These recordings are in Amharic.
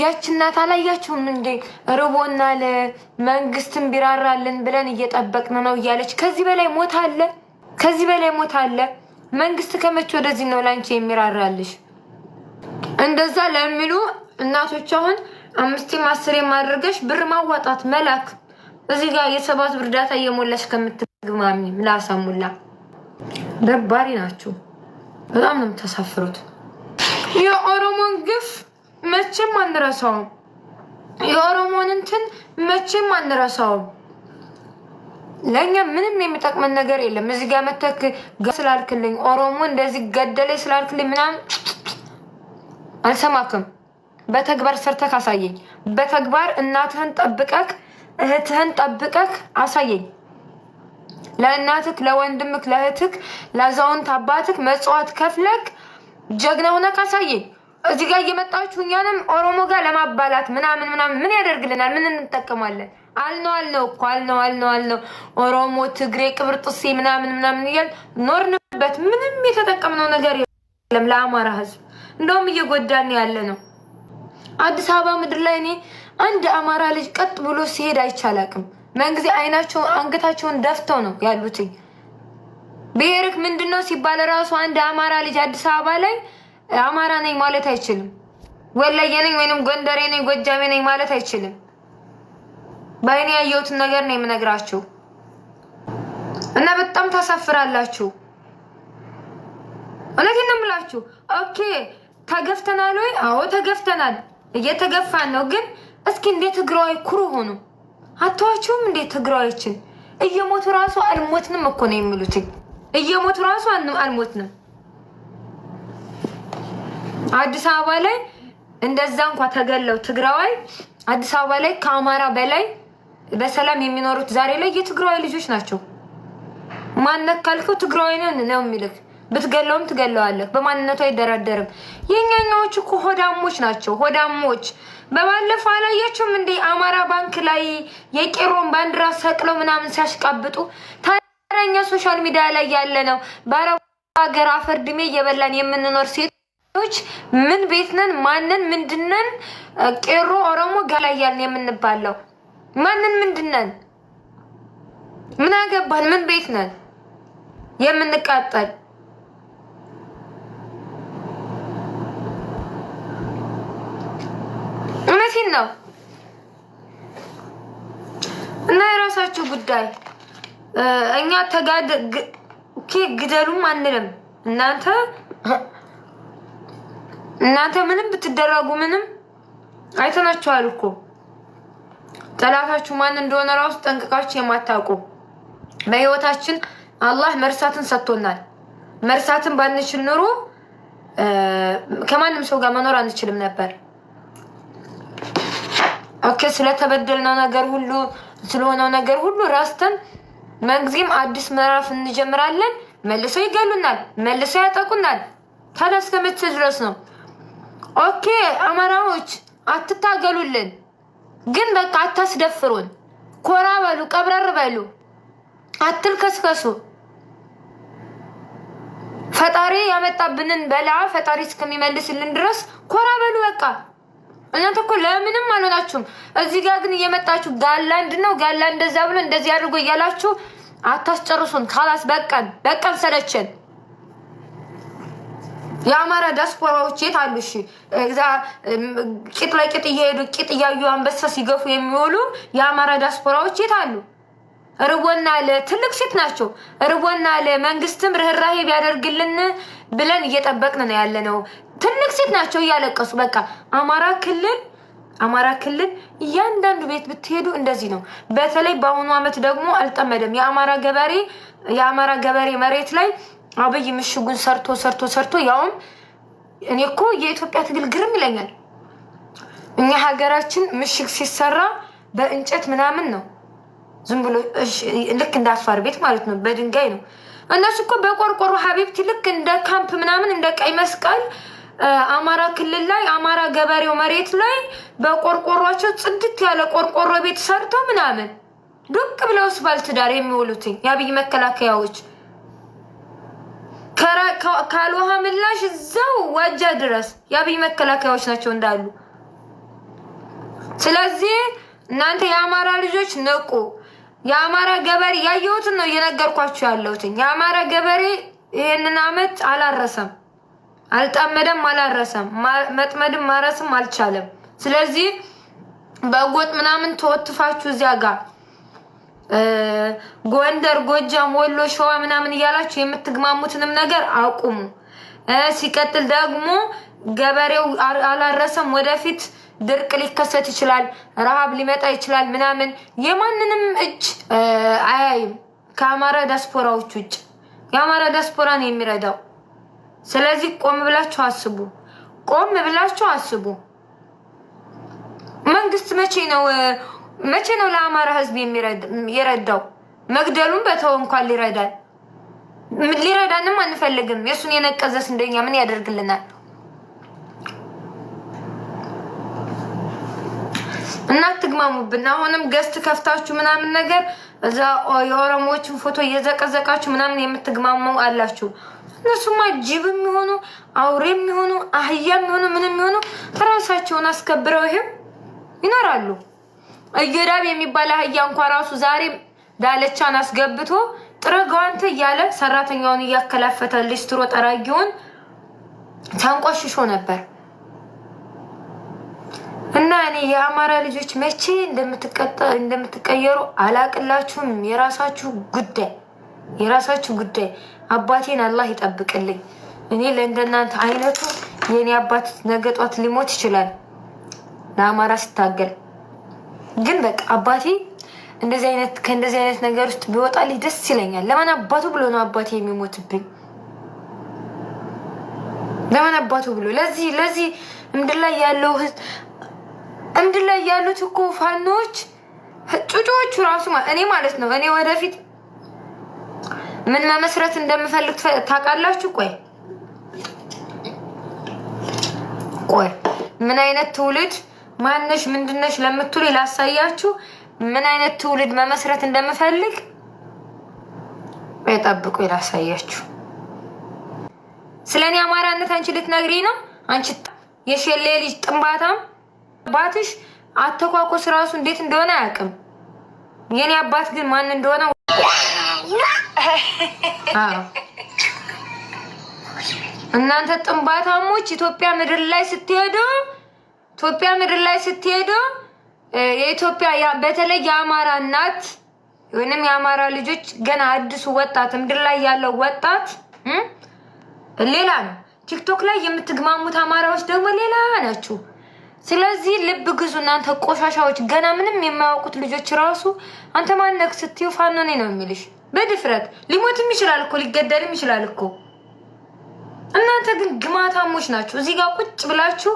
ያች እናት አላያችሁም እንዴ? ርቦናል፣ መንግስትን ቢራራልን ብለን እየጠበቅን ነው እያለች ከዚህ በላይ ሞት አለ? ከዚህ በላይ ሞት አለ? መንግስት ከመቼ ወደዚህ ነው ላንቺ የሚራራልሽ? እንደዛ ለሚሉ እናቶች አሁን አምስቴም አስሬም አድርገሽ ብር ማዋጣት መላክ እዚህ ጋር የሰባት ብር እርዳታ እየሞላሽ ከምትግማሚ ላሳሙላ ደባሪ ናችሁ። በጣም ነው የምታሳፍሩት የኦሮሞን ግፍ መቼም አንረሳውም። የኦሮሞን እንትን መቼም አንረሳውም። ለእኛ ምንም የሚጠቅመን ነገር የለም። እዚህ ጋር መተክ ስላልክልኝ ኦሮሞ እንደዚህ ገደለ ስላልክልኝ ምናምን አልሰማክም። በተግባር ሰርተክ አሳየኝ። በተግባር እናትህን ጠብቀክ እህትህን ጠብቀክ አሳየኝ። ለእናትክ ለወንድምክ፣ ለእህትክ፣ ለአዛውንት አባትክ መጽዋት ከፍለክ ጀግና ሆነክ አሳየኝ። እዚህ ጋር እየመጣችሁ እኛንም ኦሮሞ ጋር ለማባላት ምናምን ምናምን ምን ያደርግልናል? ምን እንጠቀማለን? አልነው አልነው እኮ አልነው አልነው አልነው ኦሮሞ፣ ትግሬ፣ ቅብርጥሴ ምናምን ምናምን እያል ኖርንበት። ምንም የተጠቀምነው ነገር የለም ለአማራ ህዝብ፣ እንደውም እየጎዳን ያለ ነው። አዲስ አበባ ምድር ላይ እኔ አንድ አማራ ልጅ ቀጥ ብሎ ሲሄድ አይቻላቅም። መንጊዜ አይናቸው አንገታቸውን ደፍተው ነው ያሉትኝ። ብሄርክ ምንድን ነው ሲባል ራሱ አንድ አማራ ልጅ አዲስ አበባ ላይ አማራ ነኝ ማለት አይችልም። ወላዬ ነኝ ወይንም ጎንደሬ ነኝ ጎጃሜ ነኝ ማለት አይችልም። በአይኔ ያየሁትን ነገር ነው የምነግራችሁ እና በጣም ታሳፍራላችሁ። እውነቴን ነው የምላችሁ። ኦኬ ተገፍተናል ወይ? አዎ ተገፍተናል፣ እየተገፋን ነው። ግን እስኪ እንዴት ትግራዊ ኩሩ ሆኑ። አታዋችሁም? እንዴት ትግራዊችን እየሞቱ ራሱ አልሞትንም እኮ ነው የሚሉትኝ። እየሞቱ ራሱ አልሞትንም አዲስ አበባ ላይ እንደዛ እንኳ ተገለው ትግራዋይ አዲስ አበባ ላይ ከአማራ በላይ በሰላም የሚኖሩት ዛሬ ላይ የትግራዋይ ልጆች ናቸው። ማንነት ካልከው ትግራዋይ ነው የሚልክ ብትገለውም ትገለዋለህ። በማንነቱ አይደራደርም። የኛኛዎቹ እኮ ሆዳሞች ናቸው። ሆዳሞች በባለፈው አላያቸውም እንደ አማራ ባንክ ላይ የቄሮን ባንዲራ ሰቅለው ምናምን ሲያሽቃብጡ ታዲያ እኛ ሶሻል ሚዲያ ላይ ያለ ነው በአረብ ሀገር አፈር ድሜ እየበላን የምንኖር ሴት ች ምን ቤት ነን? ማንን ምንድነን? ቄሮ ኦሮሞ ገላያል የምንባለው ማንን ምንድነን? ምን አገባን? ምን ቤት ነን የምንቃጠል? እውነቴን ነው እና የራሳቸው ጉዳይ። እኛ ተጋደ ግደሉም አንልም እናንተ እናንተ ምንም ብትደረጉ ምንም አይተናችኋል እኮ ጠላታችሁ ማን እንደሆነ ራሱ ጠንቅቃችሁ የማታውቁ በህይወታችን አላህ መርሳትን ሰጥቶናል። መርሳትን ባንችል ኑሮ ከማንም ሰው ጋር መኖር አንችልም ነበር። ኦኬ ስለተበደልነው ነገር ሁሉ ስለሆነው ነገር ሁሉ ራስተን መንግዚም አዲስ ምዕራፍ እንጀምራለን። መልሰው ይገሉናል፣ መልሰው ያጠቁናል። ታዲያ እስከ መቼ ድረስ ነው? ኦኬ አማራዎች አትታገሉልን፣ ግን በቃ አታስደፍሩን። ኮራ በሉ፣ ቀብረር በሉ፣ አትልከስከሱ። ፈጣሪ ያመጣብንን በላ ፈጣሪ እስከሚመልስልን ድረስ ኮራ በሉ። በቃ እናንተ እኮ ለምንም አልሆናችሁም። እዚህ ጋር ግን እየመጣችሁ ጋላንድ ነው ጋላ እንደዛ ብሎ እንደዚህ አድርጎ እያላችሁ አታስጨርሱን። ካላስ በቀን በቀን ሰለችን። የአማራ ዲያስፖራዎች የት አሉ? እሺ እዛ ቂጥ ለቂጥ እየሄዱ ቂጥ እያዩ አንበሳ ሲገፉ የሚውሉ የአማራ ዲያስፖራዎች የት አሉ? ርቦና ለትልቅ ሴት ናቸው። ርቦና ለመንግስትም ርኅራሄ ቢያደርግልን ብለን እየጠበቅን ነው ያለ ነው። ትልቅ ሴት ናቸው እያለቀሱ በቃ አማራ ክልል አማራ ክልል እያንዳንዱ ቤት ብትሄዱ እንደዚህ ነው። በተለይ በአሁኑ ዓመት ደግሞ አልጠመደም። የአማራ ገበሬ የአማራ ገበሬ መሬት ላይ አብይ ምሽጉን ሰርቶ ሰርቶ ሰርቶ ያውም እኔ እኮ የኢትዮጵያ ትግል ግርም ይለኛል። እኛ ሀገራችን ምሽግ ሲሰራ በእንጨት ምናምን ነው ዝም ብሎ ልክ እንደ አፋር ቤት ማለት ነው፣ በድንጋይ ነው። እነሱ እኮ በቆርቆሮ ሀቢብቲ ልክ እንደ ካምፕ ምናምን እንደ ቀይ መስቀል አማራ ክልል ላይ አማራ ገበሬው መሬት ላይ በቆርቆሯቸው ጽድት ያለ ቆርቆሮ ቤት ሰርተው ምናምን ዱቅ ብለው ባልትዳር ትዳር የሚውሉትኝ የአብይ መከላከያዎች ካልውሃ ምላሽ እዛው ዋጃ ድረስ የአብይ መከላከያዎች ናቸው እንዳሉ። ስለዚህ እናንተ የአማራ ልጆች ንቁ። የአማራ ገበሬ ያየሁትን ነው እየነገርኳችሁ ያለሁት የአማራ ገበሬ ይህንን አመት አላረሰም፣ አልጣመደም፣ አላረሰም፣ መጥመድም ማረስም አልቻለም። ስለዚህ በጎጥ ምናምን ተወትፋችሁ እዚያ ጋር ጎንደር፣ ጎጃም፣ ወሎ፣ ሸዋ ምናምን እያላችሁ የምትግማሙትንም ነገር አቁሙ። ሲቀጥል ደግሞ ገበሬው አላረሰም። ወደፊት ድርቅ ሊከሰት ይችላል፣ ረሃብ ሊመጣ ይችላል ምናምን። የማንንም እጅ አያይም ከአማራ ዲያስፖራዎች ውጭ የአማራ ዲያስፖራ ነው የሚረዳው። ስለዚህ ቆም ብላችሁ አስቡ፣ ቆም ብላችሁ አስቡ። መንግስት መቼ ነው መቼ ነው ለአማራ ህዝብ የረዳው? መግደሉን በተው እንኳን ሊረዳል ሊረዳንም አንፈልግም። የእሱን የነቀዘ ስንደኛ ምን ያደርግልናል? እና አሁንም ገስት ከፍታችሁ ምናምን ነገር እዛ የኦሮሞዎችን ፎቶ እየዘቀዘቃችሁ ምናምን የምትግማሙ አላችሁ። እነሱማ ጅብ የሚሆኑ አውሬ የሚሆኑ አህያ የሚሆኑ ምንም የሚሆኑ ራሳቸውን አስከብረው ይሄም ይኖራሉ። እየዳብ የሚባል አህያ እንኳ ራሱ ዛሬ ዳለቻን አስገብቶ ጥረጋንተ እያለ ሰራተኛውን እያከላፈተ ሊስትሮ ጠራጊውን ተንቆሽሾ ነበር። እና እኔ የአማራ ልጆች መቼ እንደምትቀየሩ አላቅላችሁም። የራሳችሁ ጉዳይ የራሳችሁ ጉዳይ። አባቴን አላህ ይጠብቅልኝ። እኔ ለእንደናንተ አይነቱ የእኔ አባት ነገጧት ሊሞት ይችላል ለአማራ ስታገል ግን በቃ አባቴ እንደዚህ አይነት ከእንደዚህ አይነት ነገር ውስጥ ቢወጣልኝ ደስ ይለኛል። ለማን አባቱ ብሎ ነው አባቴ የሚሞትብኝ? ለምን አባቱ ብሎ ለዚህ ለዚህ ምድር ላይ ያለው ምድር ላይ ያሉት እኮ ፋኖች ጩጮዎቹ ራሱ እኔ ማለት ነው እኔ ወደፊት ምን መመስረት እንደምፈልግ ታውቃላችሁ? ቆይ ቆይ ምን አይነት ትውልድ ማንሽ ምንድነሽ ለምትሉ ላሳያችሁ ምን አይነት ትውልድ መመስረት እንደምፈልግ ጠብቁ ላሳያችሁ። ስለ እኔ አማራነት አንቺ ልትነግሪ ነው? አንቺ የሸሌ ልጅ ጥንባታም አባትሽ አተኳኮስ ራሱ እንዴት እንደሆነ አያውቅም። የኔ አባት ግን ማን እንደሆነ እናንተ ጥንባታሞች ኢትዮጵያ ምድር ላይ ስትሄዱ ኢትዮጵያ ምድር ላይ ስትሄዱ የኢትዮጵያ በተለይ የአማራ እናት ወይንም የአማራ ልጆች ገና አዲሱ ወጣት ምድር ላይ ያለው ወጣት ሌላ ነው። ቲክቶክ ላይ የምትግማሙት አማራዎች ደግሞ ሌላ ናችሁ። ስለዚህ ልብ ግዙ እናንተ ቆሻሻዎች፣ ገና ምንም የማያውቁት ልጆች ራሱ አንተ ማነክ ስትዩ ፋኖ ነኝ ነው የሚልሽ በድፍረት ሊሞትም ይችላል እኮ ሊገደልም ይችላል እኮ። እናንተ ግን ግማታሞች ናችሁ። እዚህ ጋር ቁጭ ብላችሁ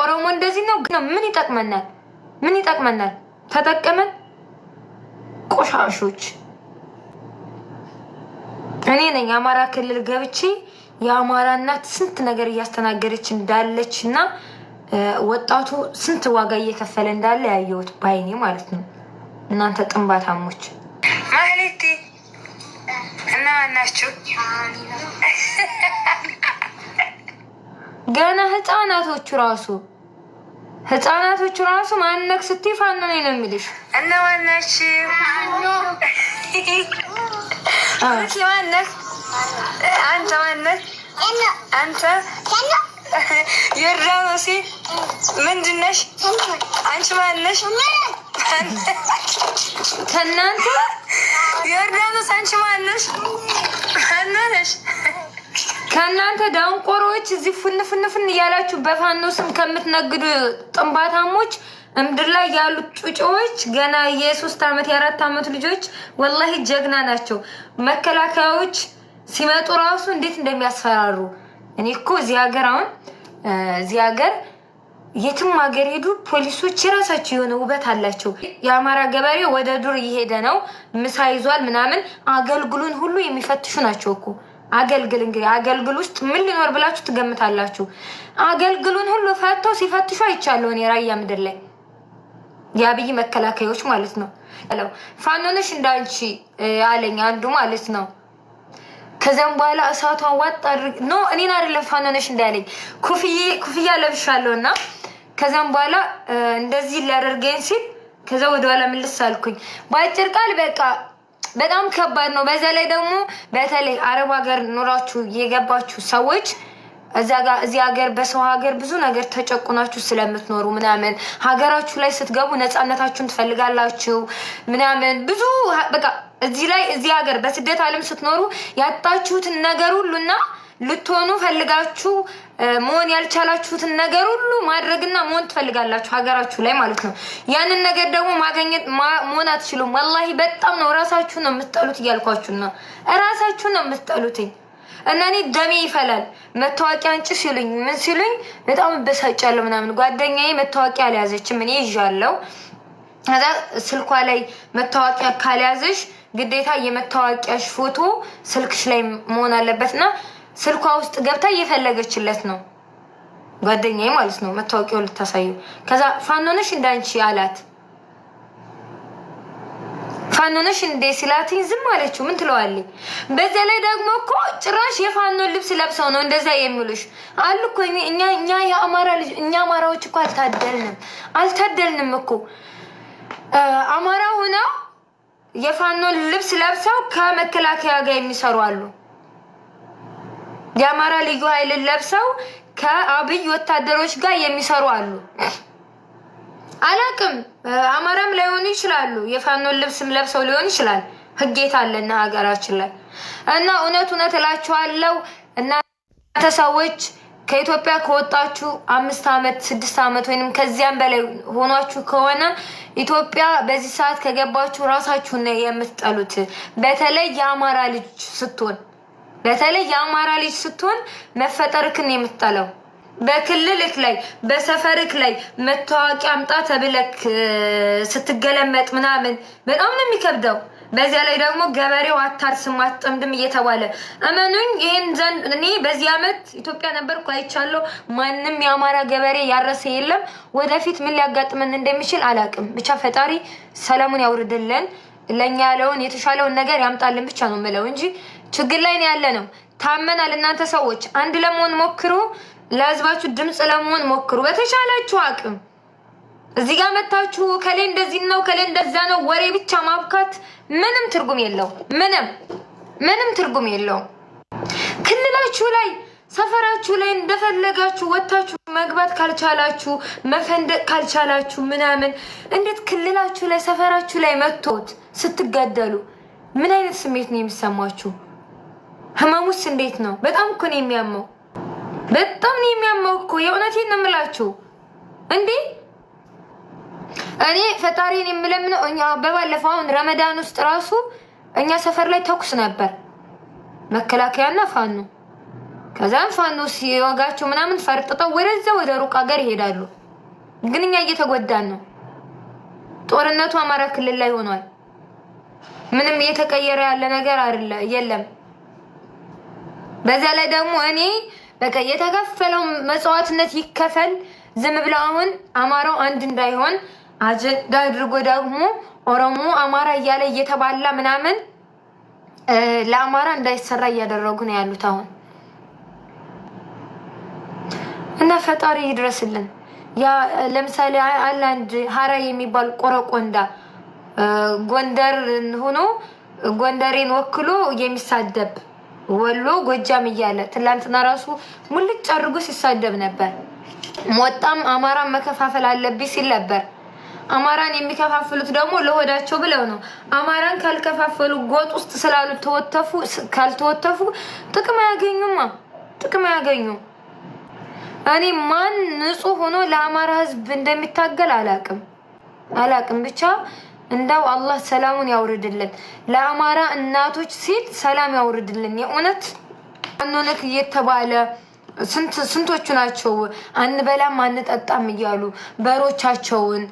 ኦሮሞ እንደዚህ ነው። ምን ይጠቅመናል? ምን ይጠቅመናል? ተጠቀመን ቆሻሾች። እኔ ነኝ አማራ ክልል ገብቼ የአማራ እናት ስንት ነገር እያስተናገደች እንዳለች እና ወጣቱ ስንት ዋጋ እየከፈለ እንዳለ ያየሁት ባይኔ ማለት ነው። እናንተ ጥንባታሞች ማህሌቴ እና ናችሁ ገና ህፃናቶቹ ራሱ ህፃናቶቹ ራሱ ማነቅ ስትይ ፋኖኔ ነው የሚልሽ። እና ዋናሽ ማነህ አንተ ማነህ አንተ ዮርዳኖሴ ምንድነሽ? አንቺ ማነሽ? ከእናንተ ዮርዳኖስ አንቺ ማነሽ? ማነሽ ከእናንተ ደንቆሮዎች እዚህ ፍንፍንፍን እያላችሁ በፋኖ ስም ከምትነግዱ ጥንባታሞች እምድር ላይ ያሉት ጩጮዎች ገና የሶስት ዓመት የአራት ዓመት ልጆች ወላሂ ጀግና ናቸው። መከላከያዎች ሲመጡ ራሱ እንዴት እንደሚያስፈራሩ እኔ እኮ እዚህ ሀገር አሁን እዚህ ሀገር የትም ሀገር ሄዱ ፖሊሶች የራሳቸው የሆነ ውበት አላቸው። የአማራ ገበሬ ወደ ዱር እየሄደ ነው፣ ምሳ ይዟል ምናምን አገልግሉን ሁሉ የሚፈትሹ ናቸው እኮ አገልግል እንግዲህ አገልግል ውስጥ ምን ሊኖር ብላችሁ ትገምታላችሁ? አገልግሉን ሁሉ ፈተው ሲፈትሹ አይቻለሁ እኔ ራያ ምድር ላይ የአብይ መከላከያዎች ማለት ነው። ፋኖነሽ እንዳንቺ አለኝ አንዱ ማለት ነው። ከዚያም በኋላ እሳቷ ዋጥ አድርግ ኖ እኔን አይደለም ፋኖነሽ እንዳለኝ ኩፍያ ለብሻለሁ እና ከዚያም በኋላ እንደዚህ ሊያደርገኝ ሲል ከዛ ወደኋላ ምልስ አልኩኝ በአጭር ቃል በቃ በጣም ከባድ ነው። በዛ ላይ ደግሞ በተለይ አረብ ሀገር ኖራችሁ የገባችሁ ሰዎች እዛ ጋር እዚህ ሀገር በሰው ሀገር ብዙ ነገር ተጨቁናችሁ ስለምትኖሩ ምናምን ሀገራችሁ ላይ ስትገቡ ነፃነታችሁን ትፈልጋላችሁ ምናምን ብዙ በቃ እዚህ ላይ እዚህ ሀገር በስደት ዓለም ስትኖሩ ያጣችሁትን ነገር ሁሉና ልትሆኑ ፈልጋችሁ መሆን ያልቻላችሁትን ነገር ሁሉ ማድረግና መሆን ትፈልጋላችሁ ሀገራችሁ ላይ ማለት ነው። ያንን ነገር ደግሞ ማገኘት መሆን አትችሉም። ወላሂ በጣም ነው ራሳችሁን ነው የምትጠሉት፣ እያልኳችሁ ነው። ራሳችሁን ነው የምትጠሉትኝ እና እኔ ደሜ ይፈላል። መታወቂያ አንጭ ሲሉኝ ምን ሲሉኝ በጣም እበሳጫለሁ ምናምን። ጓደኛዬ መታወቂያ አልያዘችም እኔ ይዣለሁ። ከዛ ስልኳ ላይ መታወቂያ ካልያዘሽ ግዴታ የመታወቂያሽ ፎቶ ስልክሽ ላይ መሆን አለበትና ስልኳ ውስጥ ገብታ እየፈለገችለት ነው፣ ጓደኛዬ ማለት ነው። መታወቂያው ልታሳዩ። ከዛ ፋኖነሽ እንዳንቺ አላት። ፋኖነሽ እንዴ ስላትኝ ዝም አለችው። ምን ትለዋለች? በዚያ ላይ ደግሞ እኮ ጭራሽ የፋኖ ልብስ ለብሰው ነው እንደዛ የሚሉሽ አሉ እኮ እኛ እኛ የአማራ ልጅ እኛ አማራዎች እኮ አልታደልንም አልታደልንም እኮ አማራ ሆነው የፋኖ ልብስ ለብሰው ከመከላከያ ጋር የሚሰሩ አሉ። የአማራ ልዩ ኃይልን ለብሰው ከአብይ ወታደሮች ጋር የሚሰሩ አሉ። አላቅም አማራም ላይሆኑ ይችላሉ። የፋኖን ልብስም ለብሰው ሊሆን ይችላል። ህጌት አለና ሀገራችን ላይ እና እውነት እውነት እላችኋለሁ እናንተ ሰዎች ከኢትዮጵያ ከወጣችሁ አምስት ዓመት ስድስት ዓመት ወይም ከዚያም በላይ ሆኗችሁ ከሆነ ኢትዮጵያ በዚህ ሰዓት ከገባችሁ ራሳችሁን የምትጠሉት በተለይ የአማራ ልጅ ስትሆን በተለይ የአማራ ልጅ ስትሆን መፈጠርክን የምትጠለው በክልልክ ላይ በሰፈርክ ላይ መታወቂያ አምጣ ተብለክ ስትገለመጥ ምናምን በጣም ነው የሚከብደው። በዚያ ላይ ደግሞ ገበሬው አታርስም አትጠምድም እየተባለ እመኑኝ፣ ይህን ዘንድ እኔ በዚህ ዓመት ኢትዮጵያ ነበርኩ አይቻለሁ። ማንም የአማራ ገበሬ ያረሰ የለም። ወደፊት ምን ሊያጋጥመን እንደሚችል አላቅም። ብቻ ፈጣሪ ሰላሙን ያውርድልን። ለእኛ ያለውን የተሻለውን ነገር ያምጣልን ብቻ ነው ምለው እንጂ ችግር ላይ ነው ያለ ነው። ታመናል። እናንተ ሰዎች አንድ ለመሆን ሞክሩ። ለህዝባችሁ ድምፅ ለመሆን ሞክሩ በተሻላችሁ አቅም። እዚህ ጋር መታችሁ ከሌ እንደዚህ ነው ከሌ እንደዛ ነው ወሬ ብቻ ማብካት ምንም ትርጉም የለው። ምንም ምንም ትርጉም የለው ክልላችሁ ላይ ሰፈራችሁ ላይ እንደፈለጋችሁ ወታችሁ መግባት ካልቻላችሁ መፈንደቅ ካልቻላችሁ ምናምን እንዴት ክልላችሁ ላይ ሰፈራችሁ ላይ መጥቶት ስትገደሉ ምን አይነት ስሜት ነው የሚሰማችሁ? ህመሙስ እንዴት ነው? በጣም እኮ ነው የሚያመው። በጣም ነው የሚያመው እኮ የእውነቴን ነው የምላችሁ። እንዴ እኔ ፈጣሪን የምለምነው እኛ በባለፈው አሁን ረመዳን ውስጥ ራሱ እኛ ሰፈር ላይ ተኩስ ነበር፣ መከላከያና ፋኖ ከዛም ፋኖ ሲወጋቸው ምናምን ፈርጥጠው ወደዛ ወደ ሩቅ ሀገር ይሄዳሉ። ግን እኛ እየተጎዳን ነው። ጦርነቱ አማራ ክልል ላይ ሆኗል። ምንም እየተቀየረ ያለ ነገር አይደለ የለም። በዛ ላይ ደግሞ እኔ በቃ የተከፈለው መጽዋዕትነት ይከፈል። ዝም ብለው አሁን አማራው አንድ እንዳይሆን አጀንዳ አድርጎ ደግሞ ኦሮሞ አማራ እያለ እየተባላ ምናምን ለአማራ እንዳይሰራ እያደረጉ ነው ያሉት አሁን እና ፈጣሪ ይድረስልን። ያ ለምሳሌ አንድ ሀራ የሚባል ቆረቆንዳ ጎንደር ሆኖ ጎንደሬን ወክሎ የሚሳደብ ወሎ ጎጃም እያለ ትላንትና ራሱ ሙልጭ አድርጎ ሲሳደብ ነበር። ሞጣም አማራን መከፋፈል አለብኝ ሲል ነበር። አማራን የሚከፋፍሉት ደግሞ ለሆዳቸው ብለው ነው። አማራን ካልከፋፈሉ ጎጥ ውስጥ ስላሉ ተወተፉ፣ ካልተወተፉ ጥቅም አያገኙማ፣ ጥቅም አያገኙም። እኔ ማን ንጹህ ሆኖ ለአማራ ህዝብ እንደሚታገል አላቅም አላቅም። ብቻ እንዳው አላህ ሰላሙን ያውርድልን፣ ለአማራ እናቶች ሲል ሰላም ያውርድልን። የእውነት አንነት እየተባለ ስንቶቹ ናቸው አንበላም አንጠጣም እያሉ በሮቻቸውን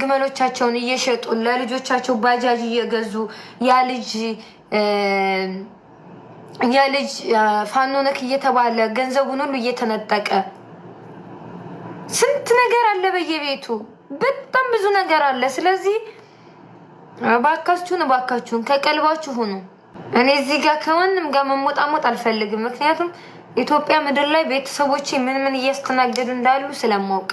ግመሎቻቸውን እየሸጡ ለልጆቻቸው ባጃጅ እየገዙ ያ ልጅ የልጅ ፋኖ ነክ እየተባለ ገንዘቡን ሁሉ እየተነጠቀ ስንት ነገር አለ በየቤቱ በጣም ብዙ ነገር አለ። ስለዚህ እባካችሁን እባካችሁን ከቀልባችሁ ሁኑ። እኔ እዚህ ጋር ከማንም ጋር መሞጣሞጥ አልፈልግም። ምክንያቱም ኢትዮጵያ ምድር ላይ ቤተሰቦቼ ምን ምን እያስተናገዱ እንዳሉ ስለማውቅ